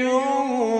يوم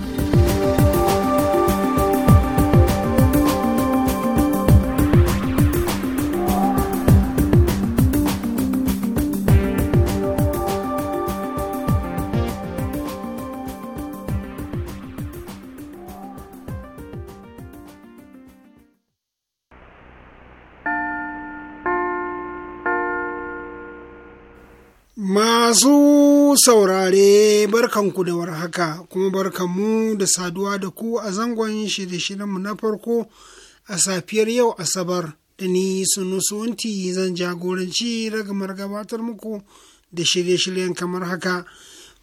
Ku saurare barkanku da warhaka kuma barkanmu da saduwa da ku a zangon shirye-shiryenmu na farko a safiyar yau Asabar da ni sunusunti zan jagoranci ragamar gabatar muku da shirye-shiryen kamar haka.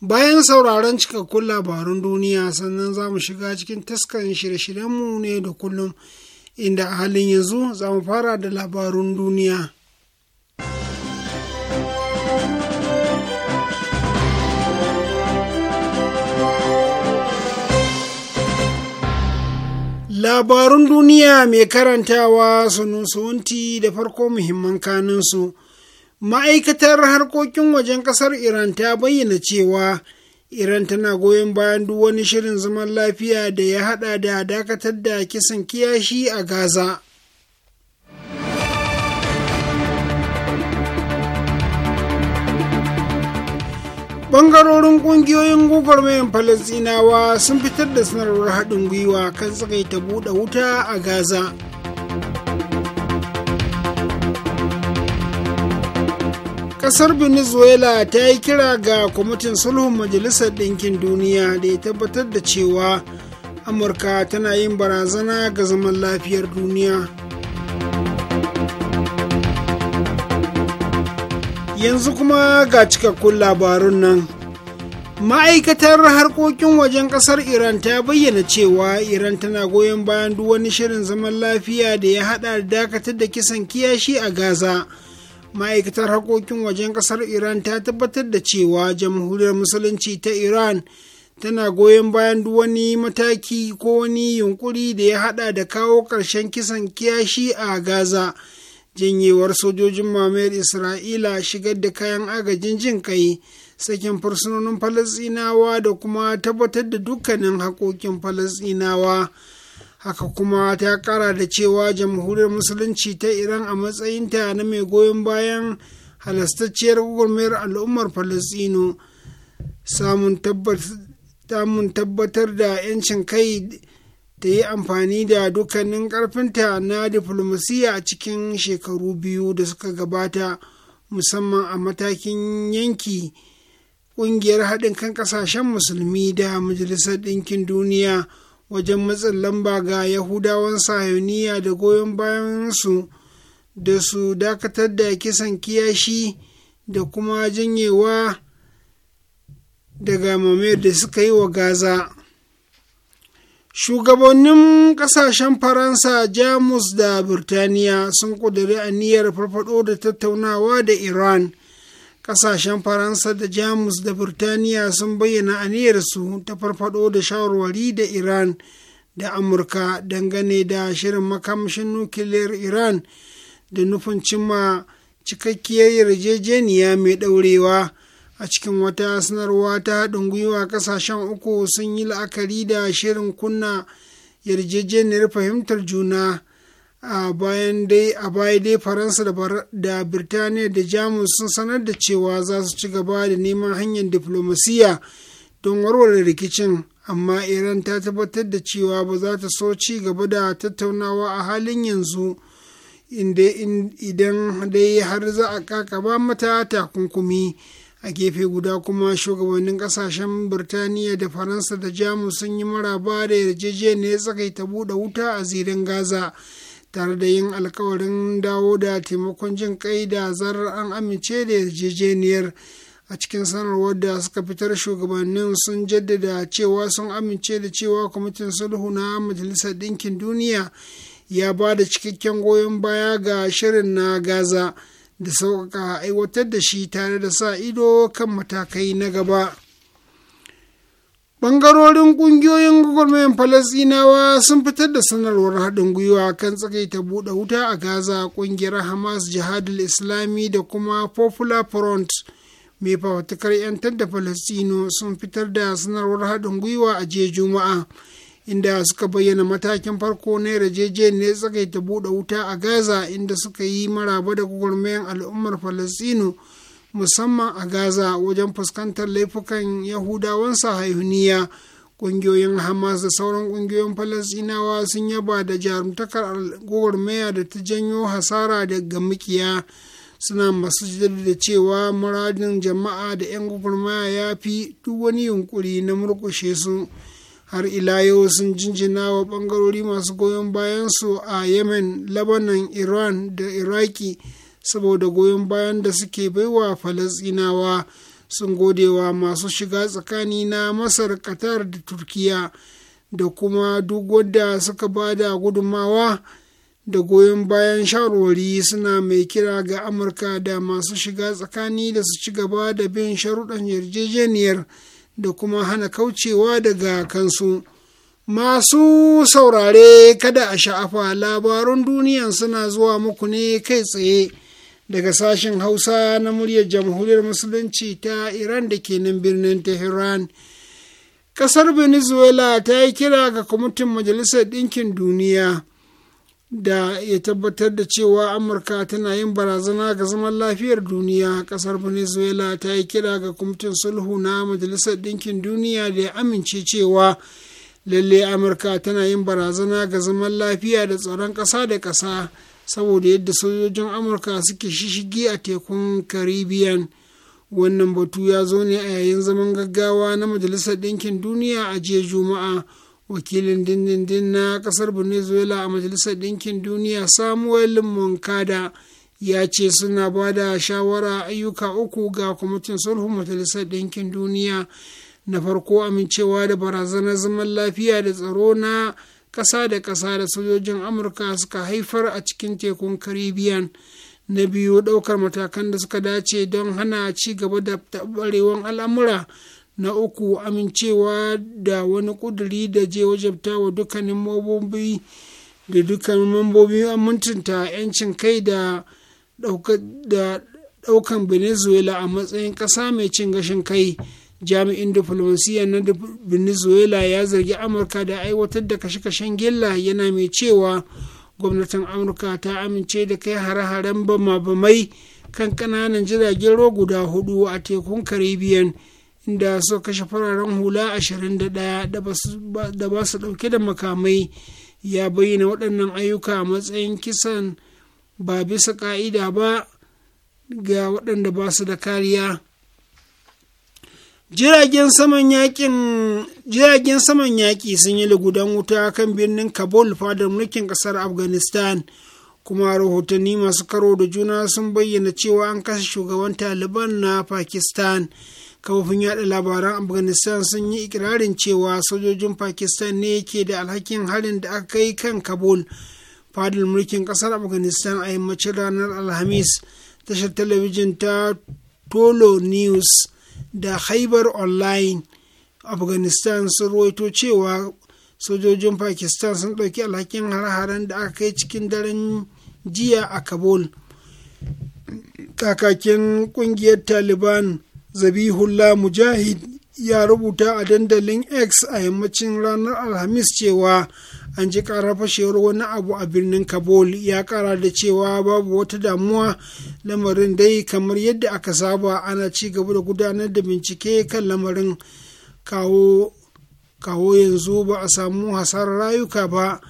Bayan sauraron cikakkun labarun duniya sannan za mu shiga cikin taskan shirye-shiryenmu ne da kullum inda a halin yanzu za mu fara da labarun duniya. Labarun duniya mai karantawa sunusunti da farko muhimman kanunsu. Ma'aikatar harkokin wajen ƙasar Iran ta bayyana cewa Iran tana goyon bayan duk wani shirin zaman lafiya da ya haɗa da dakatar da kisan kiyashi a Gaza. bangarorin kungiyoyin mayan falasinawa sun fitar da sanarwar haɗin gwiwa kan ta buɗe wuta a gaza ƙasar venezuela ta yi kira ga kwamitin sulhun majalisar ɗinkin duniya da ya tabbatar da cewa amurka tana yin barazana ga zaman lafiyar duniya yanzu kuma ga cikakkun labarun nan ma'aikatar harkokin wajen kasar iran ta bayyana cewa iran tana goyon bayan duk wani shirin zaman lafiya da ya hada da dakatar da kisan kiyashi a gaza ma'aikatar harkokin wajen kasar iran ta tabbatar da cewa jamhuriyar musulunci ta iran tana goyon bayan duk wani mataki ko wani yunkuri da ya hada da kawo ƙarshen kisan kiyashi a gaza. janyewar sojojin mamayar isra'ila shigar da kayan agajin jin kai sakin fursunonin falasinawa da kuma tabbatar da dukkanin haƙoƙin falasinawa haka kuma ta kara da cewa jamhuriyar musulunci ta iran a matsayinta na mai goyon bayan halastacciyar gwamnatin al'ummar falasino samun tabbatar da 'yancin kai ta yi amfani da dukkanin ƙarfinta na diflomasiya a cikin shekaru biyu da suka gabata musamman a matakin yanki ƙungiyar haɗin kan ƙasashen musulmi da majalisar ɗinkin duniya wajen matsin lamba ga yahudawan sahiyoniya da goyon bayansu da su dakatar da kisan kiyashi da kuma janyewa daga mamayar da suka yi wa gaza Shugabannin ƙasashen Faransa, Jamus da Birtaniya sun ƙudiri aniyar farfaɗo da tattaunawa da Iran. Ƙasashen Faransa da Jamus da Birtaniya sun bayyana aniyarsu ta farfaɗo da shawarwari da Iran da Amurka dangane da shirin makamashin nukiliyar Iran da nufin cimma cikakkiyar yarjejeniya mai ɗaurewa. a cikin wata sanarwa ta haɗin gwiwa ƙasashen uku sun yi la'akari da shirin kunna yarjejeniyar fahimtar juna a bayan dai a baya dai faransa da birtaniya da jamus sun sanar da cewa za su ci gaba da neman hanyar diflomasiya don warware rikicin amma iran ta tabbatar da cewa ba za ta so ci gaba da tattaunawa a halin yanzu idan dai har za a kakaba mata takunkumi a gefe guda kuma shugabannin kasashen birtaniya da faransa da jamus sun yi maraba da yarjejeniyar ta buɗe wuta a zirin gaza tare da yin alkawarin dawo da taimakon jin kai da zarar an amince da yarjejeniyar a cikin sanarwar da suka fitar shugabannin sun jaddada cewa sun amince da cewa kwamitin sulhu na majalisar ɗinkin duniya ya ba da cikakken goyon baya ga shirin na gaza da sauƙaƙa aiwatar da shi tare da sa ido kan matakai na gaba. ɓangarorin ƙungiyoyin gwagwarmayan falasinawa sun fitar da sanarwar haɗin gwiwa kan tsakaita buɗe wuta a Gaza ƙungiyar Hamas Jihadul Islami da kuma Popular Front mai fafutukar 'yantar da falasino sun fitar da sanarwar haɗin gwiwa a jiya Juma'a. inda suka bayyana matakin farko na yarjejeniyar ta buɗe wuta a gaza inda suka yi maraba da gwagwarmayan al'ummar falastinu musamman a gaza wajen fuskantar laifukan yahudawan sahayuniya ƙungiyoyin hamas da sauran ƙungiyoyin falastinawa sun yaba da jarumtakar gwagwarmaya da ta janyo hasara daga makiya suna masu da cewa muradin jama'a da 'yan gwagwarmaya ya fi duk wani yunkuri na murƙushe su. har ila yau sun jinjina wa bangarori masu goyon bayansu a yemen labanan iran da iraki saboda goyon bayan da suke baiwa falasinawa sun godewa masu shiga tsakani na masar qatar da turkiya da kuma duk wadda suka ba da gudunmawa da goyon bayan shawarwari suna mai kira ga amurka da masu shiga tsakani da su ci gaba da bin sharuɗan yarjejeniyar da kuma hana kaucewa daga kansu. Masu saurare kada a sha'afa labarun duniya suna zuwa muku ne kai tsaye daga sashen Hausa na muryar Jamhuriyar Musulunci ta Iran da ke nan birnin Tehran. Ƙasar Venezuela ta yi kira ga kwamitin Majalisar Ɗinkin Duniya. da ya tabbatar da cewa amurka tana yin barazana ga zaman lafiyar duniya kasar venezuela ta yi kira ga kwamitin sulhu na majalisar ɗinkin duniya da ya amince cewa lalle amurka tana yin barazana ga zaman lafiya da tsaron ƙasa da ƙasa saboda yadda sojojin amurka suke shishigi a tekun caribbean wannan batu ya zo ne a yayin zaman gaggawa na majalisar ɗinkin duniya a jiya juma'a wakilin dindindin na kasar venezuela a majalisar ɗinkin duniya samuel moncada ya ce suna ba da shawara ayyuka uku ga kwamitin sulhun majalisar ɗinkin duniya na farko amincewa da barazanar zaman lafiya da tsaro na ƙasa da ƙasa da sojojin amurka suka haifar a cikin tekun caribbean na biyu ɗaukar matakan da suka dace don hana ci gaba da taɓarewan al'amura na uku amincewa da wani ƙuduri da je wajabta wa dukkanin mambobi da dukkanin mambobi 'yancin kai da daukan venezuela a matsayin ƙasa mai cin gashin kai jami'in diflomasiyya na venezuela ya zargi amurka da aiwatar da kashe-kashen gilla yana mai cewa gwamnatin amurka ta amince da kai hare-haren bama-bamai kan ƙananan jiragen ruwa guda hudu a tekun caribbean da suka kashe fararen hula 21 da ba su ɗauke da makamai ya bayyana waɗannan ayyuka a matsayin kisan ba bisa ƙa'ida ba ga waɗanda ba su da kariya jiragen saman yaƙi sun yi lugudan wuta kan birnin kabul fadar mulkin ƙasar afghanistan kuma rahotanni masu karo da juna sun bayyana cewa an kashe shugaban taliban na pakistan kafofin yada labaran afghanistan sun yi ikirarin cewa sojojin pakistan ne ke da alhakin harin da aka kai kan kabul fadil mulkin kasar afghanistan a yammacin ranar alhamis tashar talabijin ta tolo news da haibar online afghanistan sun ruwaito cewa sojojin pakistan sun ɗauki alhakin har-haren da aka kai cikin daren jiya a kabul kakakin ƙungiyar taliban zabihullah mujahid ya rubuta a dandalin x a yammacin ranar alhamis cewa an ji ƙara fashewar wani abu a birnin kabul ya ƙara da cewa babu wata damuwa lamarin dai kamar yadda aka saba ana ci gaba da gudanar da bincike kan lamarin kawo yanzu ba a samu hasarar rayuka ba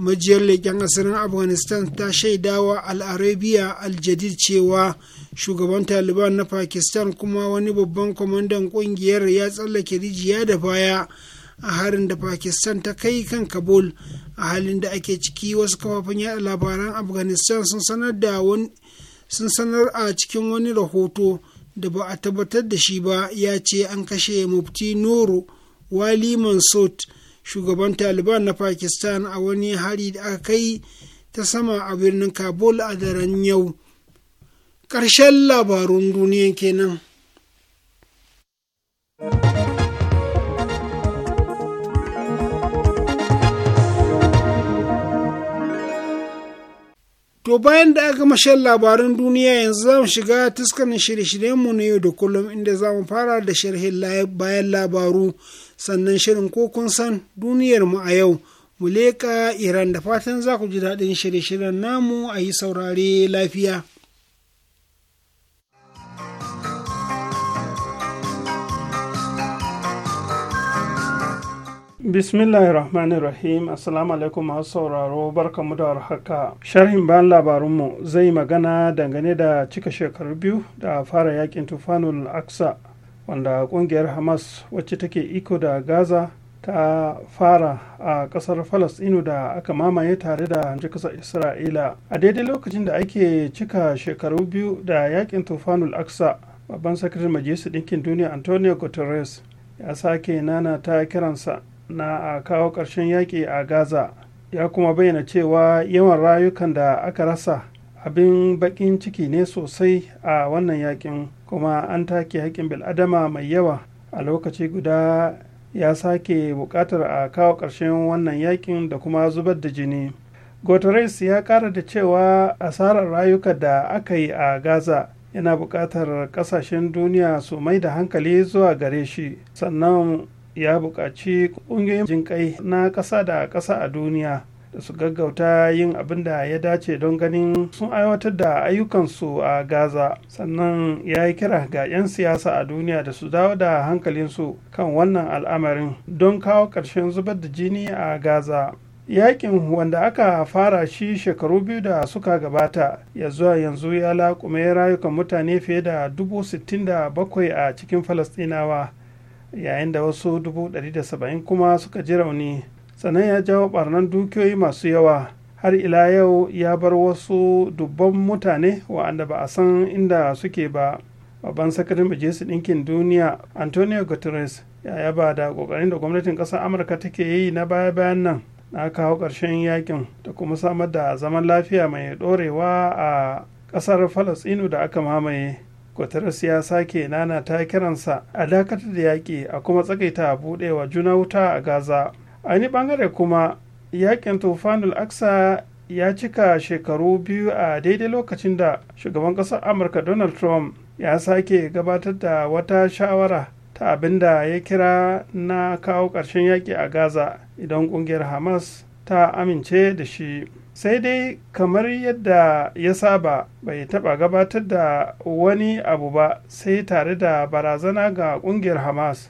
majiyar leƙen asirin afghanistan ta shaidawa al'arabiya aljadid cewa shugaban taliban na pakistan kuma wani babban kwamandan ƙungiyar ya tsallake rijiya da baya a harin da pakistan ta kai kan kabul a halin da ake ciki wasu kafafen yada labaran afghanistan sun sanar a cikin wani rahoto da ba a tabbatar da shi ba ya ce an kashe mufti nuru wali mansot shugaban taliban na pakistan a wani hari da aka kai ta sama a birnin kabul a daren yau Karshen labarun duniya kenan. To bayan da aka gama shan duniya yanzu za mu shiga tuskanin shirye-shiryenmu na yau da kullum inda za mu fara da sharhin bayan labaru sannan shirin ko kun san duniyarmu a yau mu leƙa iran da fatan za ku ji daɗin shirye-shiryen namu a yi saurare lafiya bismillahir rahmanir rahim assalamu alaikum masu sauraro barkamu da warhaka sharhin bayan labarunmu zai magana dangane da cika shekaru biyu da fara yakin tufanul aksa wanda kungiyar hamas wacce take iko da gaza ta fara a kasar falastinu da aka mamaye tare da hamci kasar isra'ila a daidai lokacin da ake cika shekaru biyu da yakin tufanul aksa babban sakirin majalisar ɗinkin duniya antonio guterres ya sake nana ta kiransa na a kawo ƙarshen yaƙi a gaza ya kuma bayyana cewa yawan rayukan da aka rasa abin bakin ciki ne sosai a wannan yakin kuma an take haƙƙin bil'adama mai yawa a lokaci guda ya sake buƙatar a kawo ƙarshen wannan yakin da kuma zubar da jini guterres ya ƙara da cewa asarar rayuka da aka yi a gaza yana buƙatar ƙasashen duniya su mai da hankali zuwa gare shi sannan ya buƙaci ƙungiyoyin jinƙai na ƙasa da ƙasa a duniya da su gaggauta yin abin da ya dace don ganin sun aiwatar da ayyukansu a gaza sannan ya yi kira ga 'yan siyasa a duniya da su dawo da hankalinsu kan wannan al'amarin don kawo ƙarshen zubar da jini a gaza yakin wanda aka fara shi shekaru biyu da suka gabata ya zuwa yanzu ya laƙume rayukan mutane fiye da dubu sittin da bakwai a cikin falastinawa yayin da wasu dubu da saba'in kuma suka ji rauni sannan ya jawo barnan dukiyoyi masu yawa har ila yau ya bar wasu dubban mutane wa'anda ba a san inda suke ba babban sakarin majalisar ɗinkin duniya antonio guterres ya yaba da ƙoƙarin da gwamnatin ƙasar amurka take yi na baya-bayan nan na kawo ƙarshen yakin da kuma samar da zaman lafiya mai ɗorewa a ƙasar falasɗinu da aka mamaye guterres ya sake nana ta kiransa a dakatar da yaƙi a kuma tsakaita buɗewa juna wuta a gaza a wani bangare kuma yakin tufanul aksa ya cika shekaru biyu a daidai lokacin da shugaban ƙasar amurka donald trump ya sake gabatar da wata shawara ta abin da ya kira na kawo ƙarshen yaƙi a gaza idan ƙungiyar hamas ta amince da shi sai dai kamar yadda ya saba bai taɓa gabatar da wani abu ba sai tare da barazana ga ƙungiyar hamas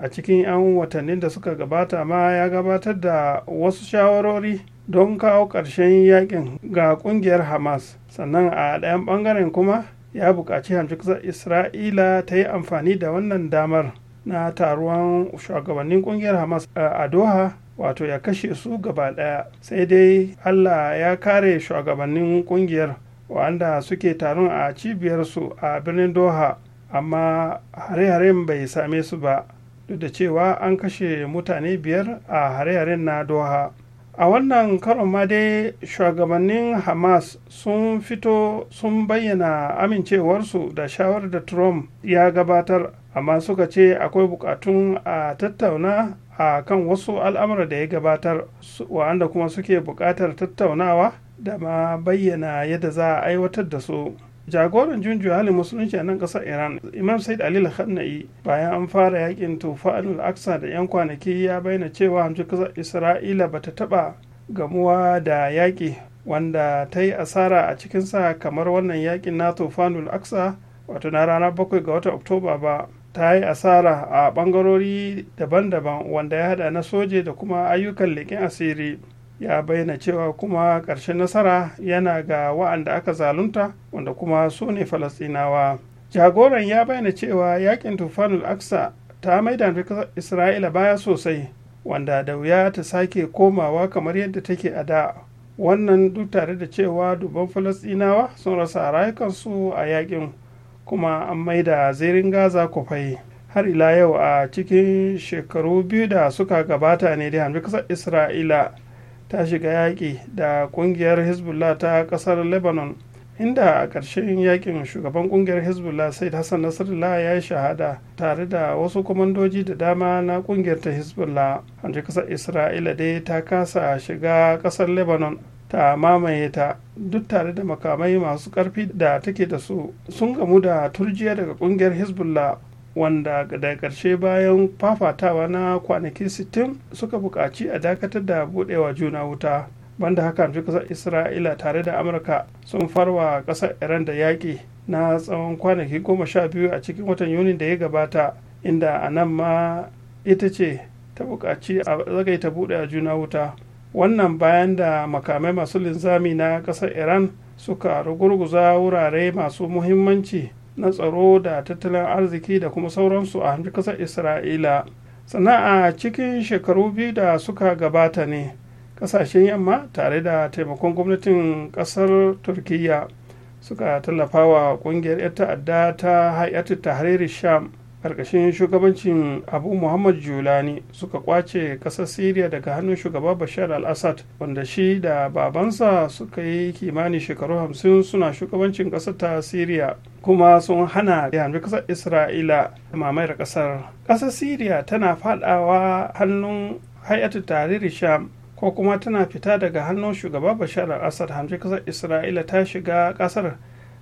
a cikin 'yan watannin da suka gabata ma ya gabatar da wasu shawarori don kawo ƙarshen yakin ga ƙungiyar hamas sannan a ɗayan ɓangaren kuma ya buƙaci hamshiksar isra'ila ta yi amfani da wannan damar na taruwan shugabannin ƙungiyar hamas a doha wato ya kashe su gaba ɗaya sai dai allah ya kare shugabannin ƙungiyar wanda suke taron a cibiyarsu a birnin doha amma hare-haren bai same su ba duk da cewa an kashe mutane biyar a hare-haren na doha a wannan karon ma dai shugabannin hamas sun fito sun bayyana amincewarsu da shawar da trump ya gabatar amma suka ce akwai bukatun a tattauna a kan wasu al'amura da ya gabatar wa'anda kuma suke bukatar tattaunawa da ma bayyana yadda za a aiwatar da su jagoran junju halin musulunci a nan kasar iran imam said ali khanai bayan an fara yakin tufa al-aqsa da yan kwanaki ya bayyana cewa hamshin kasar isra'ila bata taba gamuwa da yaƙi wanda ta yi asara a cikinsa kamar wannan yakin na tufanul aksa wato na ranar bakwai ga watan oktoba ba ta yi asara a bangarori daban-daban wanda ya hada na soje da kuma ayyukan leƙen asiri ya bayyana cewa kuma ƙarshen nasara yana ga wa'anda aka zalunta wanda kuma su ne falasɗinawa jagoran ya bayyana cewa yakin tufanul aksa ta maida isra'ila baya sosai wanda da wuya ta sake komawa kamar yadda take a da wannan duk tare da cewa dubban falasɗinawa sun rasa rayukansu a yakin kuma an maida zirin gaza kufai har ila yau a cikin shekaru biyu da suka gabata ne da hamdukasar isra'ila ta shiga yaƙi da ƙungiyar hezbollah ta ƙasar lebanon inda a ƙarshen yakin shugaban ƙungiyar hezbollah sai hassan nasrallah ya yi shahada tare da wasu kwamandoji da dama na ƙungiyar ta hezbollah an ƙasar isra'ila dai ta kasa shiga ƙasar lebanon ta mamaye ta duk tare da makamai masu ƙarfi da take da su sun gamu da turjiya daga ƙungiyar hezbollah wanda da ƙarshe bayan fafatawa na kwanaki 60 suka buƙaci a dakatar da buɗewa juna wuta banda haka amshi ƙasar isra'ila tare da amurka sun farwa ƙasar iran da yaƙi na tsawon kwanaki goma sha biyu a cikin watan yuni da ya gabata inda a nan ma ita ce ta buƙaci a zagaita a juna wuta wannan bayan da makamai masu linzami na ƙasar iran suka rugurguza wurare masu muhimmanci na tsaro da tattalin arziki da kuma sauransu a hamshi kasar isra'ila sana'a cikin shekaru biyu da suka gabata ne kasashen yamma tare da taimakon gwamnatin kasar turkiyya suka tallafa wa kungiyar 'yan ta'adda ta hayatu tahariri sham ƙarƙashin shugabancin abu muhammad julani suka kwace ƙasar syria daga hannun shugaba bashar al-assad wanda shi da babansa suka yi kimanin shekaru hamsin suna shugabancin ƙasar ta syria kuma sun hana yanzu kasar isra'ila mamayar ƙasar ƙasar syria tana faɗawa hannun hayatu tarihi sham ko kuma tana fita daga hannun shugaba bashar al-assad hamsin ƙasar isra'ila ta shiga ƙasar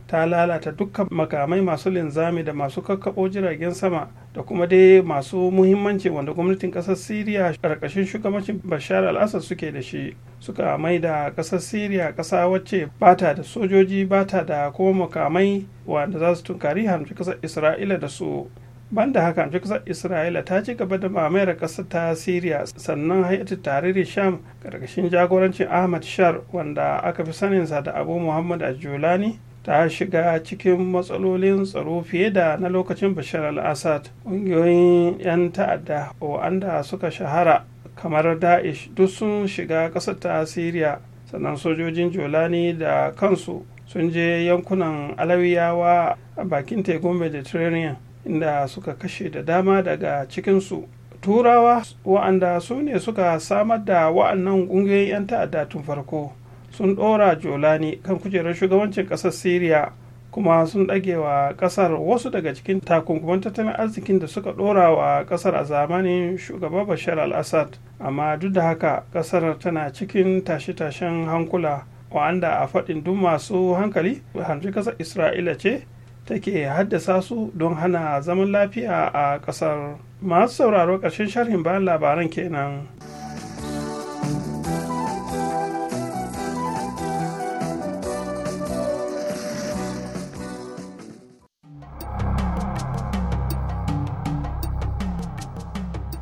ta lalata dukkan makamai masu linzami da masu kakkaɓo jiragen sama da kuma dai masu muhimmanci wanda gwamnatin ƙasar siriya ƙarƙashin shugabancin bashar al-assad suke da shi suka mai da ƙasar siriya ƙasa wacce bata da sojoji bata da kuma makamai wanda za su tunkari hamci ƙasar isra'ila da su banda haka hamci ƙasar isra'ila ta ci gaba da mamayar ƙasar ta siriya sannan hayatin tarihi sham ƙarƙashin jagorancin ahmad shar wanda aka fi saninsa da abu muhammad ajulani ta shiga cikin matsalolin tsaro fiye da na lokacin bashar al-assad ƙungiyoyin 'yan ta'adda wa'anda suka shahara kamar Da'ish duk sun shiga ƙasar ta syria sannan sojojin jolani da kansu sun je yankunan alawiyawa a bakin tekun mediterranean inda suka kashe da dama daga cikinsu turawa wa'anda su ne suka samar da wa'annan ƙungiyoyin 'yan ta'adda tun farko sun ɗora jolani kan kujerar shugabancin ƙasar syria kuma sun ɗage wa ƙasar wasu daga cikin takunkuman tattalin arzikin da suka ɗora wa ƙasar a zamanin shugaba bashar al-assad amma duk da haka ƙasar tana cikin tashe-tashen hankula wa'anda a faɗin duk masu hankali hanzu ƙasar isra'ila ce take haddasa su don hana zaman lafiya a ƙasar masu sauraro ƙarshen sharhin bayan labaran kenan.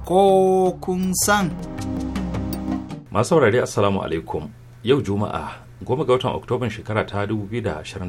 ko kun san. Masu saurari Assalamu alaikum yau Juma'a goma ga watan Oktoban shekara ta 2025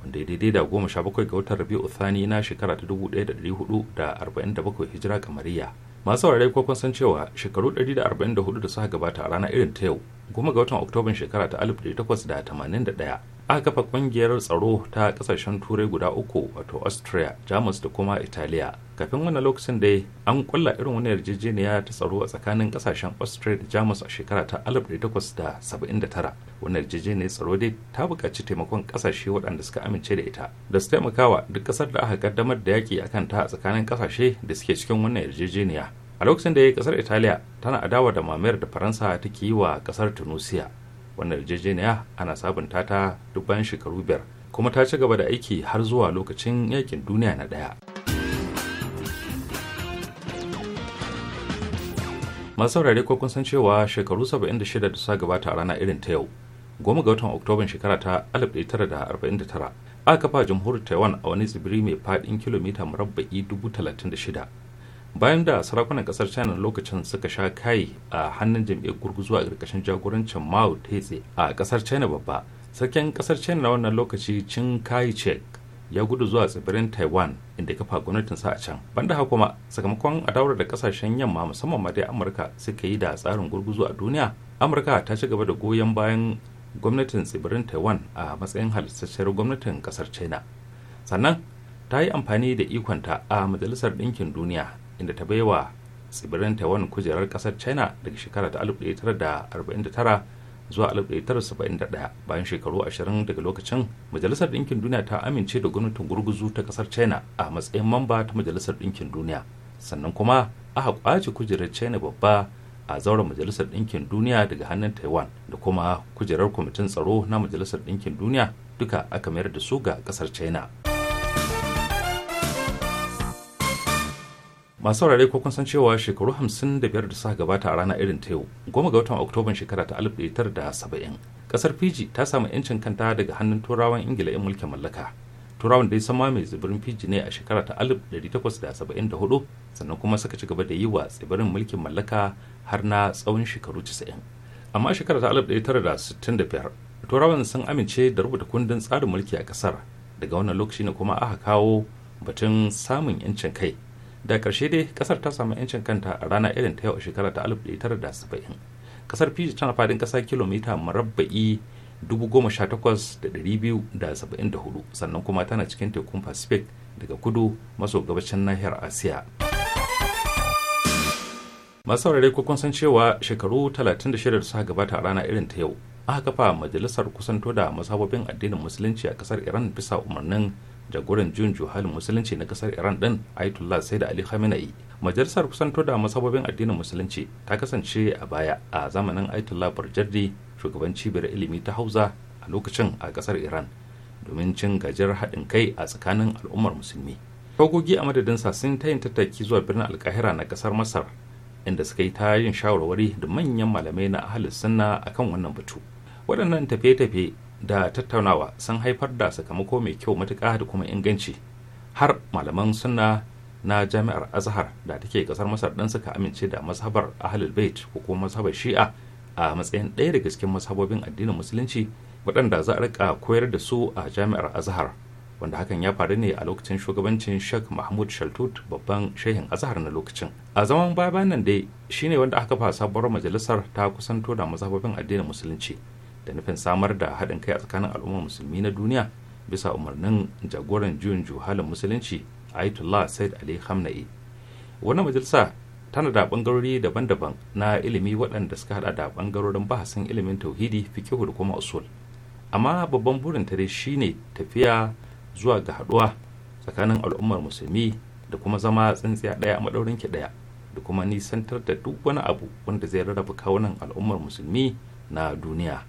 wanda ya daidai da goma sha bakwai ga watan Rabi'u Thani na shekara ta dubu da da 1447 hijira kamariya. Masu saurari ko kun san cewa shekaru 144 da suka gabata a ranar irin ta yau goma ga watan oktoban shekara ta 1881 aka kafa kungiyar tsaro ta kasashen turai guda uku wato austria jamus da kuma italiya kafin wannan lokacin dai an kulla irin wani yarjejeniya ta tsaro a tsakanin kasashen austria da jamus a shekara ta 1879 wannan yarjejeniyar tsaro dai ta buƙaci taimakon kasashe waɗanda suka amince da ita da su taimakawa duk ƙasar da aka kaddamar da yaƙi akan ta a tsakanin kasashe da suke cikin wannan yarjejeniya a lokacin da ya kasar italiya tana adawa da mamayar da faransa take yi wa kasar tunisia wannan yarjejeniya ana sabunta ta duk bayan shekaru biyar kuma ta ci gaba da aiki har zuwa lokacin yakin duniya na daya masu saurare ko kun san cewa shekaru 76 da suka gabata a rana irin ta yau goma ga watan oktoban shekara ta 1949 aka kafa jamhuriyar taiwan a wani tsibiri mai faɗin kilomita murabba'i 36 bayan da sarakunan kasar china lokacin suka sha kai a hannun jam'iyyar gurguzu a ƙarƙashin jagorancin mao tse a kasar china babba sarkin kasar china na wannan lokaci cin kai chek ya gudu zuwa tsibirin taiwan inda kafa gwamnatinsa a can banda haka kuma sakamakon adawar da kasashen yamma musamman ma dai amurka suka yi da tsarin gurguzu a duniya amurka ta ci gaba da goyon bayan gwamnatin tsibirin taiwan a matsayin halittacciyar gwamnatin kasar china sannan ta yi amfani da ikonta a majalisar ɗinkin duniya inda ta bai wa tsibirin taiwan kujerar kasar china daga shekara ta 1949 zuwa 1971 bayan shekaru 20 daga lokacin majalisar ɗinkin duniya ta amince da gwamnatin gurguzu ta kasar china a matsayin mamba ta majalisar ɗinkin duniya sannan kuma aka kwace kujerar china babba a zauren majalisar ɗinkin duniya daga hannun taiwan da kuma kujerar kwamitin tsaro na majalisar ɗinkin duniya duka aka mayar da su ga kasar china. masu saurare ko kun san cewa shekaru 55 da suka gabata a rana irin ta yau goma ga watan oktoban shekara ta 1970 kasar fiji ta samu yancin kanta daga hannun turawan ingila 'yan mulkin mallaka turawan dai sama mai tsibirin fiji ne a shekara ta 1874 sannan kuma suka ci gaba da yi wa tsibirin mulkin mallaka har na tsawon shekaru 90 amma a shekara ta 1965 turawan sun amince da rubuta kundin tsarin mulki a kasar daga wannan lokaci ne kuma aka kawo batun samun yancin kai da karshe dai kasar ta samu 'yancin kanta a rana irin ta yau a shekara ta 1970 kasar fiji tana fadin ƙasa kilomita marabba'i 18,274 sannan kuma tana cikin tekun pacific daga kudu maso gabashin nahiyar asiya masu saurare ko kun san cewa shekaru 36 da suka gabata a rana irin ta yau aka kafa majalisar kusanto da masababin addinin musulunci a kasar iran bisa umarnin jagoran juyin juhalin musulunci na kasar iran din ayatollah sai da ali khamenei majalisar kusanto da masababin addinin musulunci ta kasance a baya a zamanin ayatollah burjardi shugaban cibiyar ilimi ta hauza a lokacin a kasar iran domin cin gajiyar haɗin kai a tsakanin al'ummar musulmi Fagogi a madadin sa sun ta yin tattaki zuwa birnin alkahira na kasar masar inda suka yi ta yin shawarwari da manyan malamai na ahalin sunna akan wannan batu waɗannan tafiye-tafiye da tattaunawa sun haifar da sakamako mai kyau matuƙa da kuma inganci har malaman sunna na jami'ar azhar da take kasar masar ɗin suka amince da mazhabar ahlul bait ko kuma mazhabar shi'a a matsayin ɗaya daga cikin mazhabobin addinin musulunci waɗanda za a rika koyar da su a jami'ar azhar wanda hakan ya faru ne a lokacin shugabancin Sheikh Mahmud Shaltut babban shehin azhar na lokacin. A zaman baya nan dai shine wanda aka fa sabuwar majalisar ta kusanto da mazhabobin addinin musulunci da nufin samar da haɗin kai a tsakanin al'ummar musulmi na duniya bisa umarnin jagoran juyin juhalin musulunci ayatollah said ali hamna'i wani majalisa tana da ɓangarori daban-daban na ilimi waɗanda suka hada da bangarorin bahasin ilimin tauhidi fikihu da kuma usul amma babban burin ta dai shine tafiya zuwa ga haɗuwa tsakanin al'ummar musulmi da kuma zama tsintsiya ɗaya a maɗaurin ki ɗaya da kuma nisantar da duk wani abu wanda zai rarraba kawunan al'ummar musulmi na duniya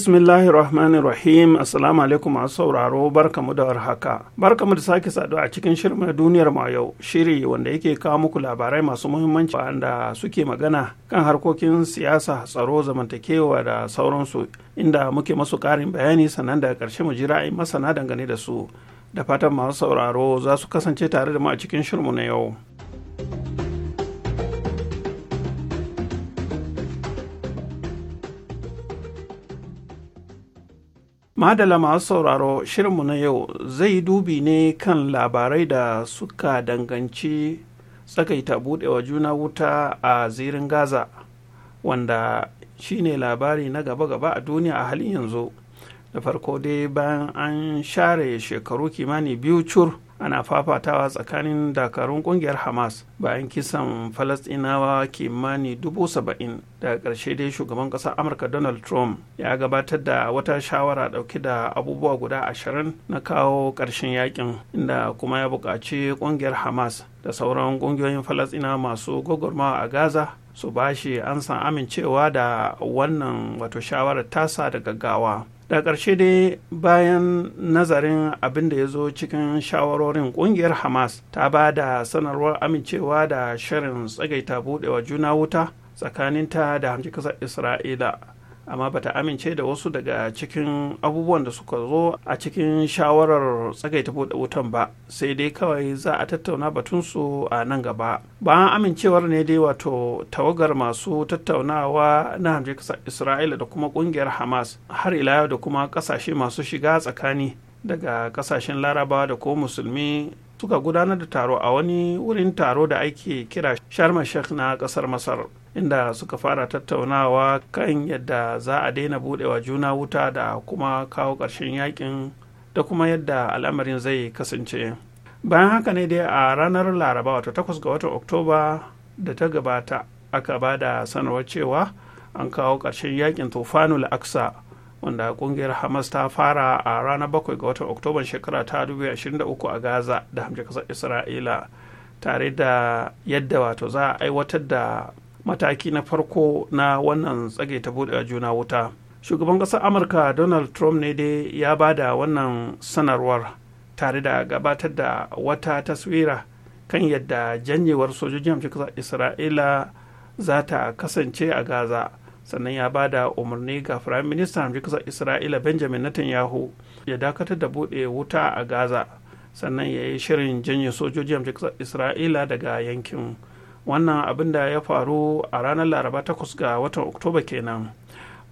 bismillahir rahmanir rahim assalamu alaikum masu sauraro barkamu da warhaka barkamu da sake saduwa a cikin shirin na duniyar ma yau shiri wanda yake kawo muku labarai masu muhimmanci wanda suke magana kan harkokin siyasa tsaro zamantakewa da sauransu inda muke masu karin bayani sannan daga karshe mu ji ra'ayin masana dangane da su da fatan masu sauraro za su kasance tare da mu a cikin shirinmu na yau. madala masu sauraro shirinmu na yau zai dubi ne kan labarai da suka danganci tsakaita budewa juna wuta a zirin gaza wanda shine labari na gaba-gaba a duniya a halin yanzu da farko dai bayan an share shekaru kimanin biyu cur ana fafatawa tsakanin dakarun kungiyar hamas bayan kisan falastinawa kimani dubu saba'in daga ƙarshe dai shugaban ƙasar amurka donald trump ya gabatar da wata shawara ɗauke da abubuwa guda ashirin na kawo ƙarshen yakin inda kuma ya buƙaci kungiyar hamas da sauran ƙungiyoyin falastinawa masu gwagwarmawa a gaza su bashi an san amincewa da wannan wato shawarar tasa da gaggawa da ƙarshe dai bayan nazarin abin da ya zo cikin shawarorin ƙungiyar hamas ta ba da sanarwar amincewa da shirin tsagaita buɗewa juna wuta tsakaninta da hamji ƙasar isra'ila amma bata amince da wasu daga cikin abubuwan da suka zo a cikin shawarar tsagaita bude wutan ba sai dai kawai za a tattauna batunsu a nan gaba bayan amincewar ne dai wato tawagar masu tattaunawa na ƙasar isra'ila da kuma ƙungiyar hamas har ila da kuma ƙasashe masu shiga tsakani daga ƙasashen larabawa da ko musulmi suka gudanar da taro a wani wurin taro da ake kira sharma sheikh na ƙasar masar inda suka fara tattaunawa kan yadda za a daina budewa juna wuta da kuma kawo ƙarshen yakin da kuma yadda al'amarin zai kasance bayan haka ne dai a ranar laraba wato 8 ga watan oktoba da ta gabata aka ba da sanarwar cewa an kawo ƙarshen yakin tufanul aksa wanda kungiyar hamas ta fara a ranar 7 ga watan oktoba shekara ta 2023 a gaza da hamshe kasar isra'ila tare da yadda wato za a aiwatar da mataki na farko na wannan tsage ta buɗe juna wuta shugaban ƙasar amurka donald trump ne dai ya ba da wannan sanarwar tare da gabatar da wata taswira kan yadda janyewar sojojin hamshin isra'ila za ta kasance a gaza sannan ya ba da umarni ga firayim ministan hamshin ƙasar isra'ila benjamin netanyahu ya dakatar da bude wuta a gaza sannan ya yi shirin janye sojojin hamshin ƙasar isra'ila daga yankin wannan abin da ya faru a ranar laraba takwas ga watan oktoba kenan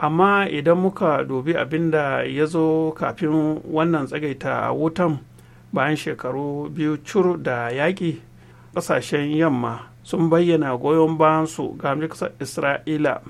amma idan muka dubi abin da ya zo kafin wannan tsagaita a wutan bayan shekaru biyu cur da yaƙi ƙasashen yamma sun bayyana goyon bayansu ga amurka isra'ila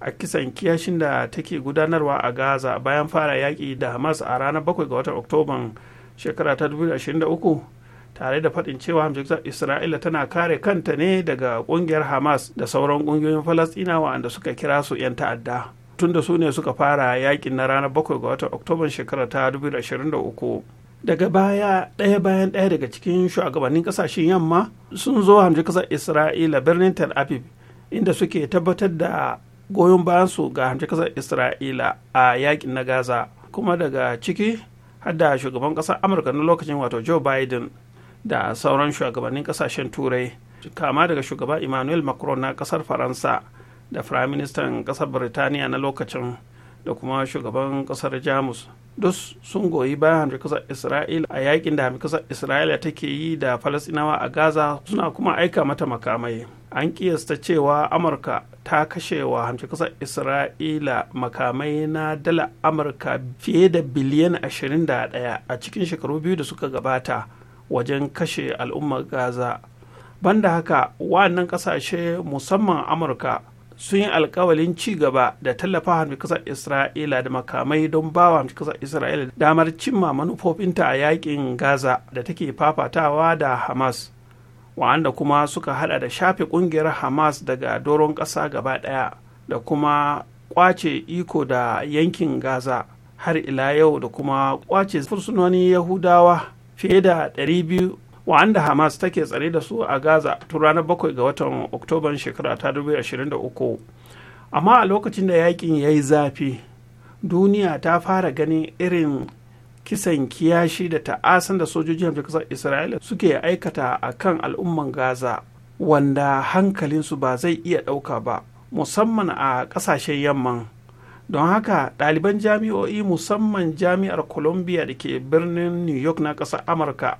a kisan kiyashin da take gudanarwa a gaza bayan fara yaƙi da hamas a ranar 7 ga watan oktoban shekara ta 2023 tare da faɗin cewa hamsar isra'ila tana kare kanta ne daga ƙungiyar hamas da sauran ƙungiyoyin falastina wanda suka kira su 'yan ta'adda tun da su ne suka fara yakin na ranar 7 ga watan oktoban shekarar ta 2023 daga baya ɗaya bayan ɗaya daga cikin shugabannin ƙasashen yamma sun zo hamsar ƙasar isra'ila birnin tel aviv inda suke tabbatar da goyon bayansu ga hamsar ƙasar isra'ila a yakin na gaza kuma daga ciki har shugaban ƙasar amurka na lokacin wato joe biden da sauran shugabannin kasashen turai kama daga shugaba emmanuel macron na kasar faransa da firaministan kasar birtaniya na lokacin da kuma shugaban kasar jamus duk sun goyi bayan kasar isra'ila a yakin da kasar isra'ila take yi da falasinawa a gaza suna kuma aika mata makamai an kiyasta cewa amurka ta kashe wa kasar isra'ila makamai na dala amurka fiye da biliyan 21 a cikin shekaru biyu da suka gabata wajen kashe al'ummar gaza banda haka wannan kasashe musamman amurka sun yi alkawalin ci gaba da tallafa hannun kasar isra'ila da makamai don bawa hannun kasar isra'ila damar cimma manufofinta a yakin gaza da take fafatawa da hamas wa'anda kuma suka hada da shafe kungiyar hamas daga doron kasa gaba daya da kuma kwace iko da yankin gaza har ila yau da kuma kwace fursunoni yahudawa fiye da 200 wa'anda hamas take tsare da su a gaza tun ranar 7 ga watan oktoban shekara ta 2023 amma a lokacin da yakin ya yi zafi duniya ta fara ganin irin kisan kiyashi da ta'asan da sojojin kasar isra'ila suke aikata a kan al'umman gaza wanda hankalinsu ba zai iya ɗauka ba musamman a ƙasashen yamman don haka ɗaliban jami'o'i musamman jami'ar columbia da ke birnin new york na ƙasar amurka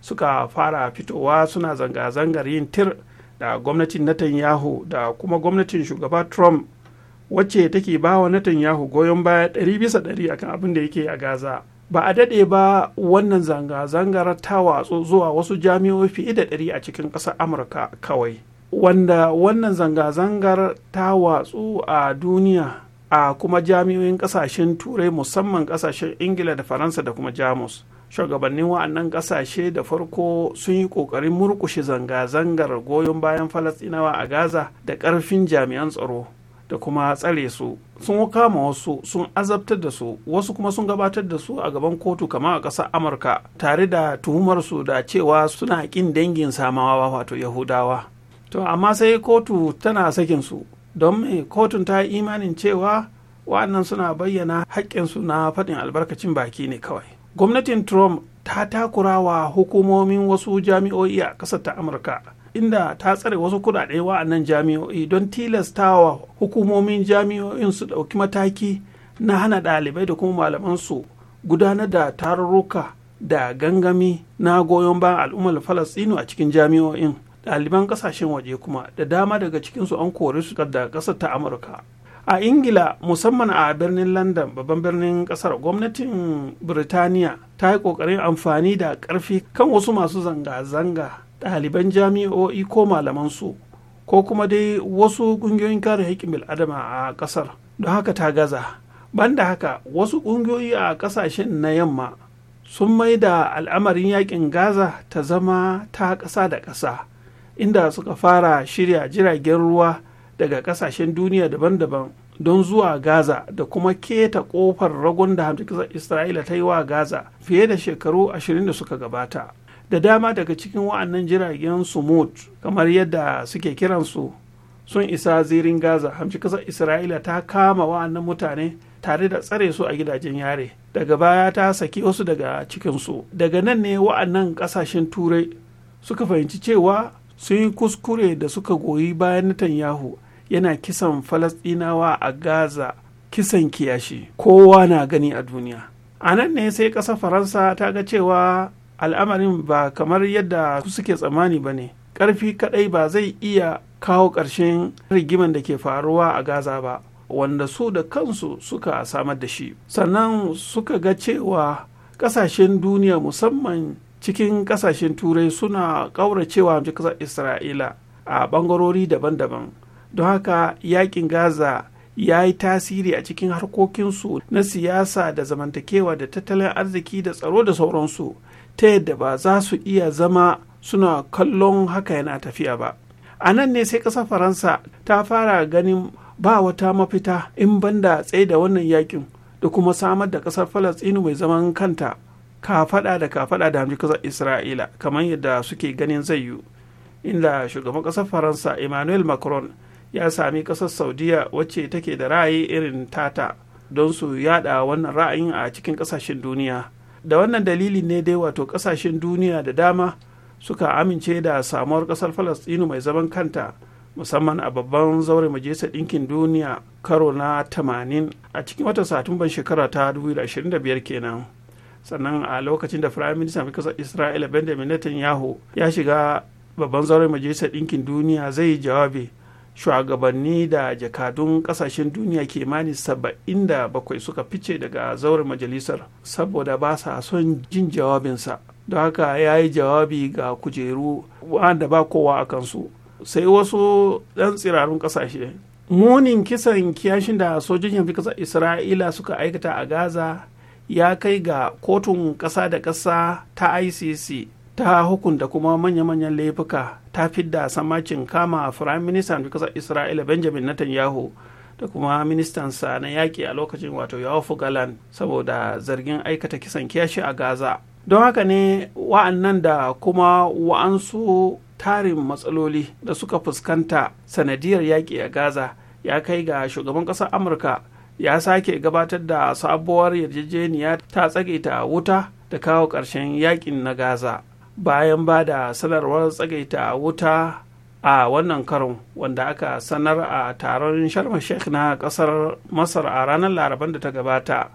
suka fara fitowa suna zanga-zangar yin tir da gwamnatin netanyahu da kuma gwamnatin shugaba trump wacce take ba wa netanyahu goyon baya ɗari bisa ɗari akan abin da yake a gaza ba a daɗe ba wannan zanga-zangar ta watsu zuwa wasu jami'o'i fiye da ɗari a cikin ƙasar amurka kawai wanda wannan zanga-zangar ta watsu a duniya a kuma jami'oyin kasashen turai musamman kasashen ingila da faransa da kuma jamus shugabannin wa'annan kasashe da farko sun yi kokarin murkushe zanga-zangar goyon bayan falastinawa a gaza da karfin jami'an tsaro da kuma tsare su sun kama wasu sun azabtar da su wasu kuma sun gabatar da su a gaban kotu kamar a ƙasar amurka tare da tuhumar su da cewa suna ƙin dangin samawa wato yahudawa to amma sai kotu tana sakin su don mai kotun ta yi imanin cewa wa'annan suna bayyana haƙƙinsu na faɗin albarkacin baki ne kawai gwamnatin trump ta takura wa hukumomin wasu jami'o'i a ƙasar ta amurka inda ta tsare wasu kuɗaɗe wa'annan jami'o'i don tilasta wa hukumomin jami'o'in su ɗauki mataki na hana ɗalibai da kuma malamansu gudanar da tarurruka da gangami na goyon bayan al'ummar falastinu a cikin jami'o'in ɗaliban ƙasashen waje kuma da dama daga cikinsu an kore su da ƙasar ta amurka a ingila musamman a birnin london babban birnin ƙasar gwamnatin birtaniya ta yi ƙoƙarin amfani da ƙarfi kan wasu masu zanga-zanga ɗaliban jami'o'i ko malamansu ko kuma dai wasu ƙungiyoyin kare haƙƙin bil'adama a ƙasar don haka ta gaza Ban da haka wasu ƙungiyoyi a ƙasashen na yamma sun mai da al'amarin yaƙin gaza ta zama ta ƙasa da ƙasa inda suka fara shirya jiragen ruwa daga kasashen duniya daban-daban don zuwa gaza da kuma keta kofar ragon da hamdukisar isra'ila ta yi wa gaza fiye da shekaru ashirin da suka gabata da dama daga cikin wa'annan jiragen sumut kamar yadda suke kiransu sun isa zirin gaza hamshi kasar isra'ila ta kama wa'annan mutane tare da tsare su a gidajen yare daga baya ta saki wasu daga cikinsu daga nan ne wa'annan kasashen turai suka fahimci cewa sun yi kuskure da suka goyi bayan Netanyahu yana kisan Falasɗinawa a Gaza kisan kiyashi kowa na gani a duniya. A nan ne sai ƙasar Faransa ta ga cewa al'amarin ba kamar yadda suke tsammani ba ne. Ƙarfi kaɗai ba zai iya kawo ƙarshen rigiman da ke faruwa a Gaza ba. wanda su da kansu suka samar da shi sannan suka ga cewa ƙasashen duniya musamman cikin kasashen turai suna ƙauracewa kasar isra'ila a bangarori daban-daban don haka yakin gaza ya yi tasiri a cikin harkokinsu na siyasa da zamantakewa da tattalin arziki da tsaro da sauransu ta yadda ba za su iya zama suna kallon haka yana tafiya ba a nan ne sai ƙasar faransa ta fara ganin ba wata mafita in banda tsaye da wannan yakin da kuma samar da ƙasar falastinu mai zaman kanta kafada da kafaɗa da hamjikasar isra'ila kamar yadda suke ganin zai yiwu inda shugaban ƙasar faransa emmanuel macron ya sami ƙasar saudiya wacce take da ra'ayi irin tata don su yada wannan ra'ayin a cikin ƙasashen duniya da wannan dalili ne dai wato ƙasashen duniya da dama suka amince da samuwar ƙasar falastinu mai zaman kanta musamman a babban zaure majalisar ɗinkin duniya karo na 80 a cikin watan satumban shekara ta 2025 kenan. sannan a lokacin da firayim minista mai kasar isra'ila benjamin netanyahu ya shiga babban zaure majalisar ɗinkin duniya zai yi jawabi shugabanni da jakadun kasashen duniya kimanin saba'in da bakwai suka fice daga zauren majalisar saboda ba sa son jin jawabinsa don haka ya yi jawabi ga kujeru wanda ba kowa a kansu sai wasu ɗan tsirarun ƙasashe. munin kisan kiyashin da sojojin fi kasar isra'ila suka aikata a gaza ya kai ga kotun ƙasa da ƙasa ta icc ta hukunta kuma manya-manyan laifuka ta fidda samacin kama firayim ministan ƙasar isra'ila benjamin netanyahu da kuma ministansa na yaƙi a lokacin wato yawon fugalan saboda zargin aikata kisan kiyashi a gaza don haka ne wa'annan da kuma wa'ansu tarin matsaloli da suka fuskanta sanadiyar yaƙi a gaza ya kai ga shugaban ƙasar amurka ya sake gabatar da sabuwar yarjejeniya ta tsagaita wuta da kawo ƙarshen yakin na gaza bayan ba da sanarwar tsagaita wuta a wannan karon wanda aka sanar a taron sharma sheikh na kasar masar a ranar laraban da ta gabata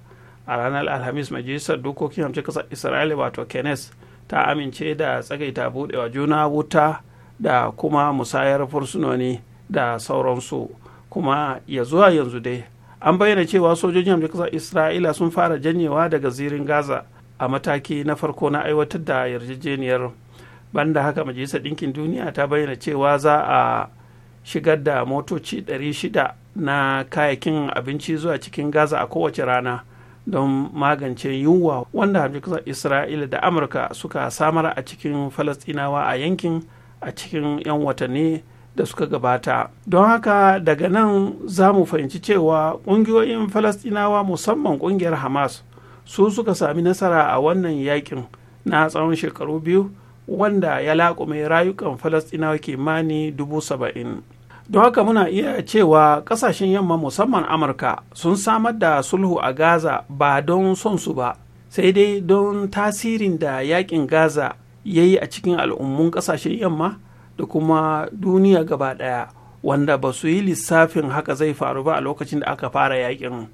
a ranar alhamis majalisar dokokin hamshe kasar isra'ila wato kenes ta amince da tsagaita budewa juna wuta da kuma musayar fursunoni da sauransu kuma ya zuwa yanzu dai an bayyana cewa sojojin amurka isra'ila sun fara janyewa daga zirin gaza a mataki na farko na aiwatar da yarjejeniyar banda haka majalisar ɗinkin duniya ta bayyana cewa za a shigar da motoci 600 na kayakin abinci zuwa cikin gaza a kowace rana don magance yunwa wanda hamjikasar isra'ila da amurka suka samar a cikin falastinawa a yankin a cikin 'yan watanni da suka gabata don haka daga nan za mu fahimci cewa ƙungiyoyin falastinawa musamman ƙungiyar hamas su suka sami nasara a wannan yakin na tsawon shekaru biyu wanda ya laƙume rayukan falastinawa kimani dubu saba'in don haka muna iya cewa ƙasashen yamma musamman amurka sun samar da sulhu a gaza ba don son su ba sai dai don tasirin da yakin gaza ya yi a cikin al'ummun ƙasashen yamma da kuma duniya gaba ɗaya wanda ba su yi lissafin haka zai faru ba a lokacin da aka fara yakin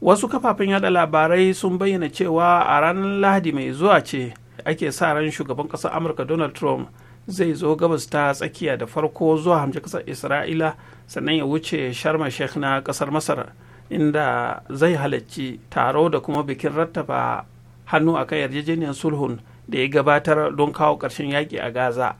wasu kafafen yada labarai sun bayyana cewa a ranar lahadi mai zuwa ce ake sa ran shugaban ƙasar amurka donald trump zai zo gabas ta tsakiya da farko zuwa hamshe kasar isra'ila sannan ya wuce sharma sheikh na kasar masar inda zai halarci taro da kuma bikin rattaba hannu a kan yarjejeniyar sulhun da ya gabatar don kawo ƙarshen yaƙi a gaza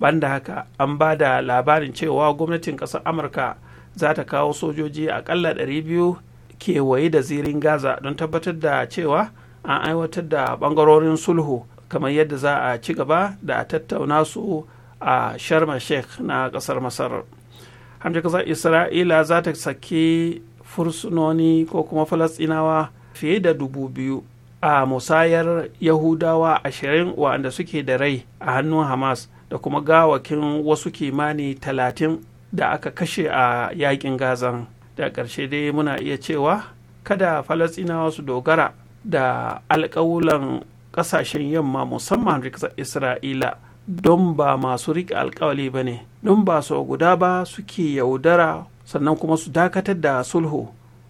banda haka an ba da labarin cewa gwamnatin kasar amurka za ta kawo sojoji akalla 200 kewaye da zirin gaza don tabbatar da cewa an aiwatar da bangarorin sulhu kamar yadda za a ci gaba da tattauna su a sharma sheikh na kasar masar hamshe kasar isra'ila za ta saki fursunoni ko kuma falastinawa fiye da dubu biyu a musayar yahudawa ashirin waɗanda suke da rai a hannun hamas da kuma gawakin wasu kimani talatin da aka kashe a yakin gazan da ƙarshe dai muna iya cewa kada falasinawa su dogara da alƙawulan ƙasashen yamma musamman isra'ila don ba masu riƙe alƙawali ba ne don ba su guda ba suke yaudara sannan kuma su dakatar da sulhu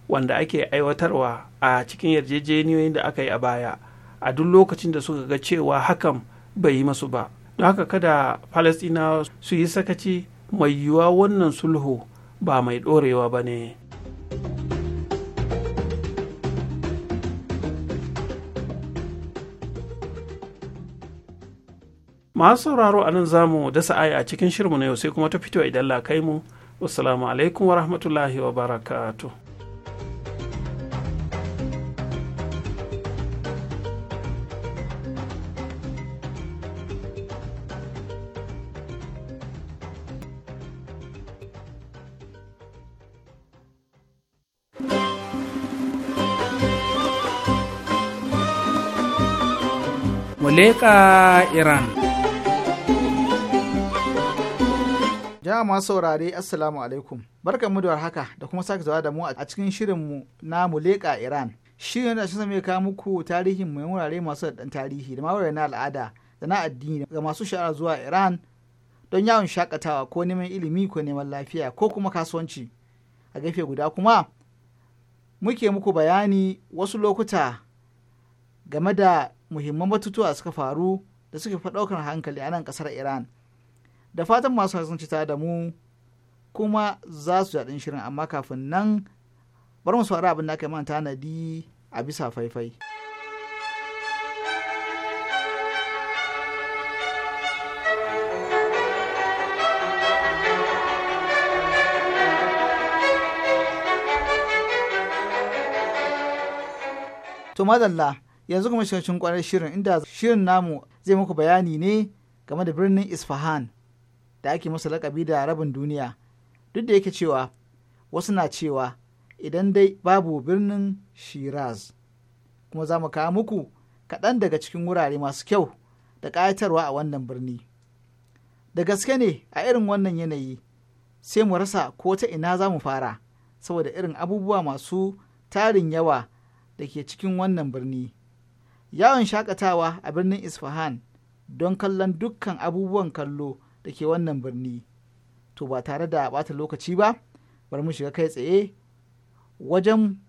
wanda ake aiwatarwa a cikin yarjejeniyoyin da aka yi a baya a duk lokacin da suka ga cewa hakan bai yi masu ba don haka kada falastina su yi sakaci mai yiwuwa wannan sulhu ba mai ɗorewa ba ne masu sauraro a nan zamu dasa aya a cikin shirmu na yau sai kuma ta fito idan la kai mu wassalamu alaikum wa rahmatullahi wa barakatuh leka iran jama'a masu saurare assalamu alaikum barkanmu da haka da kuma sake zuwa da mu a cikin shirinmu na muleka iran shirin da shi mai kawo muku tarihin mai wurare masu da tarihi da mawurare na al'ada da na addini ga masu sha'ar zuwa iran don yawon shakatawa ko neman ilimi ko neman lafiya ko kuma kasuwanci a gefe guda kuma muke muku bayani wasu lokuta game da muhimman batutuwa suka faru da suka fi ɗaukar hankali a nan ƙasar iran da fatan masu sun cita da mu kuma za su jaɗin shirin amma kafin nan bar mu saurari abin da aka yi man tanadi a bisa faifai. To madalla yanzu kuma cikin kwanar shirin inda shirin namu zai muku bayani ne game da birnin isfahan da ake masa lakabi da rabin duniya duk da yake cewa wasu na cewa idan dai babu birnin shiraz kuma za mu kawo muku kaɗan daga cikin wurare masu kyau da ƙayatarwa a wannan birni da gaske ne a irin wannan yanayi sai mu rasa ko ta ina za mu fara saboda irin abubuwa masu tarin yawa da ke cikin wannan birni yawon shakatawa a birnin isfahan don kallon dukkan abubuwan kallo da ke wannan birni to ba tare da bata lokaci ba bari mu shiga kai tsaye wajen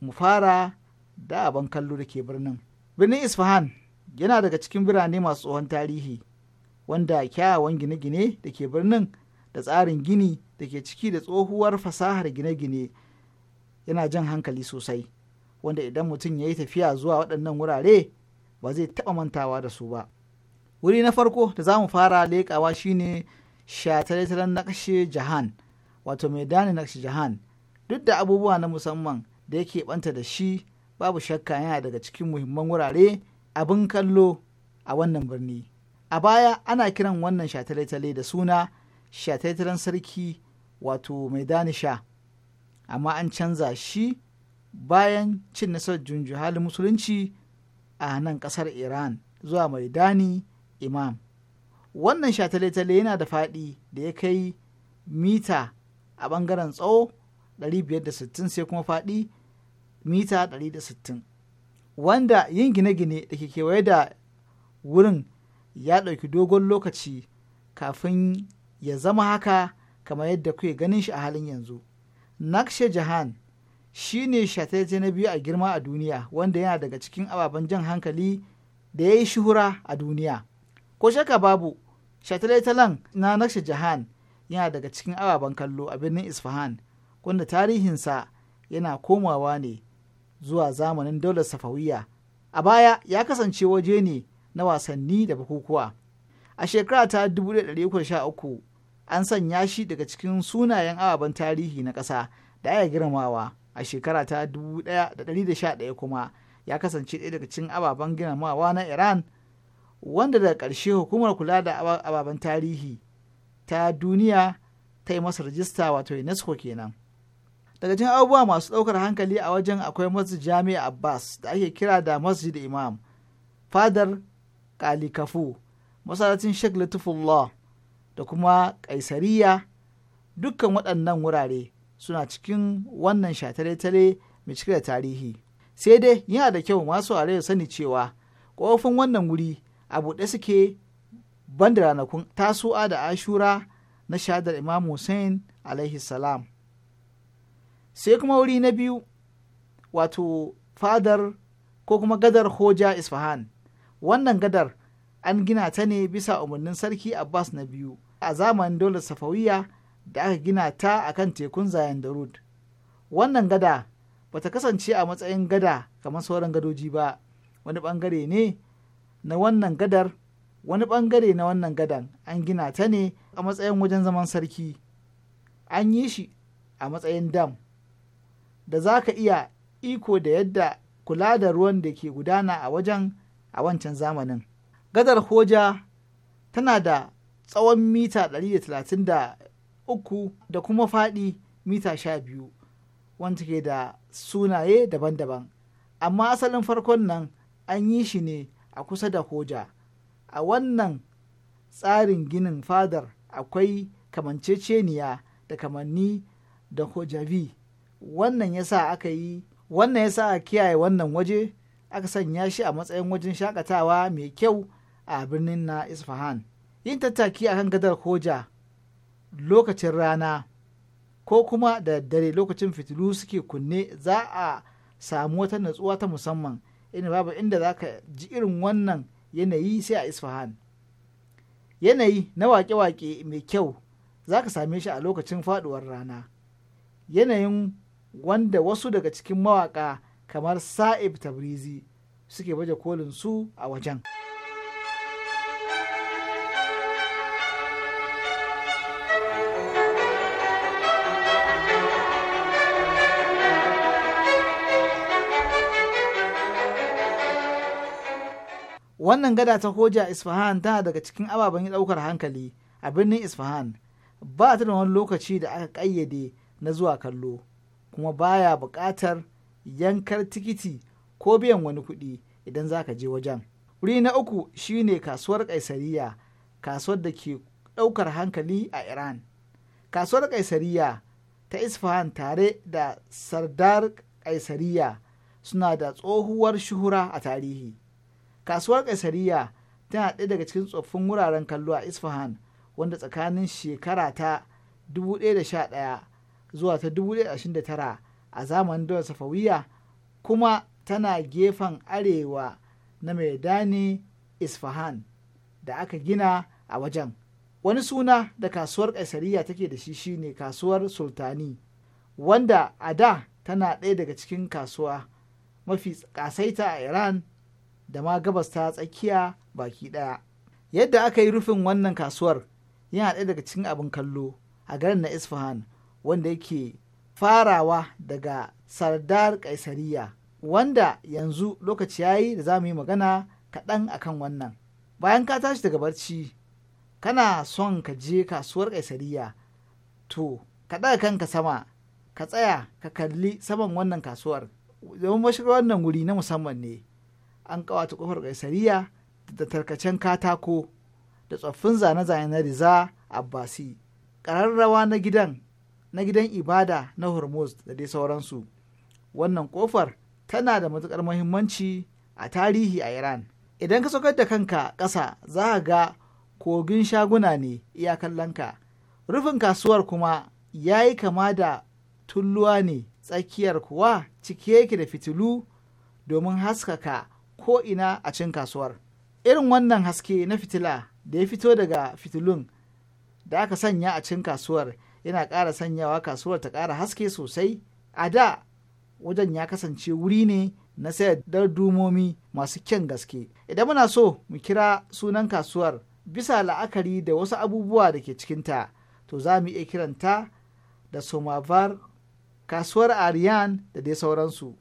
mu fara da abin kallo da ke birnin birnin isfahan yana daga cikin birane masu tsohon tarihi wanda kyawawan gine-gine da ke birnin da tsarin gini da ke ciki da tsohuwar fasahar gine-gine yana jan hankali sosai wanda idan mutum ya yi tafiya zuwa waɗannan wurare ba zai taɓa mantawa da su ba wuri na farko da za mu fara leƙawa shine shataletalen nakashe jahan wato mai dani nakashe jahan duk da abubuwa na musamman da yake ɓanta da shi babu shakka yana daga cikin muhimman wurare abin kallo a wannan birni a baya ana kiran wannan shataletale da suna shataletalen sarki wato mai sha amma an canza shi bayan cin nasarar junju halin musulunci a nan kasar iran zuwa mai dani imam wannan shatale-tale yana da faɗi da ya kai mita a ɓangaren tsawo 560 sai kuma faɗi mita 160 wanda yin gine-gine da ke kewaye da wurin ya ɗauki dogon lokaci kafin ya zama haka kamar yadda kuke ganin shi a halin yanzu. Nakshe Jahan shi ne shatece na biyu a girma a duniya wanda yana daga cikin ababen jan hankali da ya yi shuhura a duniya ko shaka babu shataletalen na naksha jahan yana daga cikin ababen kallo a birnin isfahan wanda tarihinsa yana komawa ne zuwa zamanin daular safawiya a baya ya kasance waje ne na wasanni da bukukuwa a shekara ta an sanya shi daga cikin sunayen ababen tarihi na ƙasa da aya girmawa a shekara ta 1911 kuma ya kasance ɗaya daga cin ababen gina ginamawa na iran wanda daga ƙarshe hukumar kula da ababen tarihi ta duniya ta yi masa rajista wato unesco kenan daga cikin abubuwa masu ɗaukar hankali a wajen akwai masjid jami'a abbas da ake kira da masjid imam fadar kalikafu masallacin sheikh latifullah da kuma kaisariya dukkan waɗannan wurare suna cikin wannan shatare-tare mai cike da tarihi sai dai yana da kyau masu are sani cewa ƙofofin wannan wuri a buɗe suke banda ranakun tasu'a da ashura na shadar imam hussein alaihi salam sai kuma wuri na biyu wato fadar ko kuma gadar hoja isfahan wannan gadar an gina ta ne bisa umarnin sarki abbas na biyu a zamanin dole safawiya da aka gina ta a kan tekun zayan da rud wannan gada ba ta kasance a matsayin gada kamar sauran gadoji ba wani bangare ne na wannan gadar wani bangare na wannan gadan an gina ta ne a matsayin wajen zaman sarki an yi shi a matsayin dam da za ka iya iko da yadda kula da ruwan da ke gudana a wajen a wancan zamanin gadar hoja tana da tsawon mita da. uku da kuma faɗi mita sha biyu wanda ke da sunaye daban-daban amma asalin farkon nan an yi shi ne a kusa da hoja a wannan tsarin ginin fadar akwai kamanceceniya da kamanni da hojavi wannan yasa aka yi wannan sa a kiyaye wannan waje aka sanya shi a matsayin wajen shakatawa mai kyau a birnin na isfahan yin tattaki akan gadar hoja lokacin rana ko kuma da dare lokacin fitilu suke kunne za a samu wata natsuwa ta musamman inda babu inda za ka ji irin wannan yanayi sai a isfahan yanayi na wake-wake mai kyau za ka same shi a lokacin faduwar rana yanayin wanda wasu daga cikin mawaka kamar sa'ib tabrizi suke baje kolin su a wajen. wannan gada ta hoja isfahan tana daga cikin ababen ɗaukar hankali a birnin isfahan ba ta da wani lokaci da aka ƙayyade na zuwa kallo kuma baya buƙatar yankar tikiti ko biyan wani kuɗi idan za ka je wajen wuri na uku shine kasuwar kaisariya kasuwar da ke ɗaukar hankali a iran kasuwar kaisariya ta isfahan tare da sardar kaisariya suna da tsohuwar shuhura a tarihi kasuwar kaisariya tana ɗaya daga cikin tsoffin wuraren kallo a isfahan wanda tsakanin shekara ta 1011 zuwa ta 1029 a zamanin dole safawiya kuma tana gefen arewa na maidani isfahan da aka gina a wajen wani suna da kasuwar kaisariya take da shi shine kasuwar sultani wanda a da tana ɗaya daga cikin kasuwa mafi kasaita a iran da ma gabas ta tsakiya baki ɗaya. Yadda aka yi rufin wannan kasuwar yana ɗaya daga cikin abin kallo a garin na Isfahan wanda yake farawa daga Sardar Kaisariya wanda yanzu lokaci ya yi da za mu yi magana kaɗan akan wannan. Bayan ka tashi daga barci kana son ka je kasuwar Kaisariya to ka ɗaga kanka sama ka tsaya ka kalli saman wannan kasuwar domin mashigar wannan wuri na musamman ne an ƙawata kofar kaisariya da tarkacen katako da tsoffin zane-zane na riza abbasi ƙararrawa na gidan na gidan ibada na hormuz da dai sauransu wannan kofar tana da matuƙar muhimmanci a tarihi a iran idan ka saukar da kanka ƙasa za a ga kogin shaguna ne iyakallanka, rufin kasuwar kuma ya yi kama da tulluwa ne tsakiyar kuwa cike yake da fitilu domin haskaka ko'ina a cin kasuwar irin wannan haske na fitila da ya fito daga fitilun da aka sanya a cin kasuwar yana ƙara sanyawa kasuwar ta ƙara haske sosai a da wajen ya kasance wuri ne na sayar dumomi masu kyan gaske idan muna so mu kira sunan kasuwar bisa la'akari da wasu abubuwa da ke cikinta to za mu iya kiranta da somavar kasuwar ariyan da dai sauransu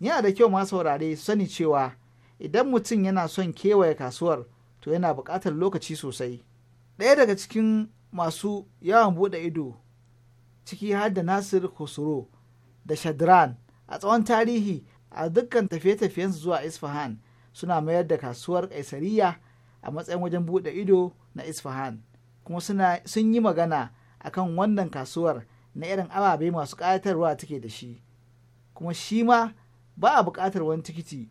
yana da kyau masu saurare sani cewa idan mutum yana son kewaye kasuwar to yana buƙatar lokaci sosai ɗaya daga cikin masu yawan buɗe ido ciki har da nasir kusuro da shadran a tsawon tarihi a dukkan tafiye-tafiyensu zuwa isfahan suna mayar da kasuwar kaisariya a matsayin wajen buɗe ido na isfahan kuma sun yi magana akan wannan kasuwar na irin ababe masu ƙayatarwa take da shi kuma shi ma ba a buƙatar wani tikiti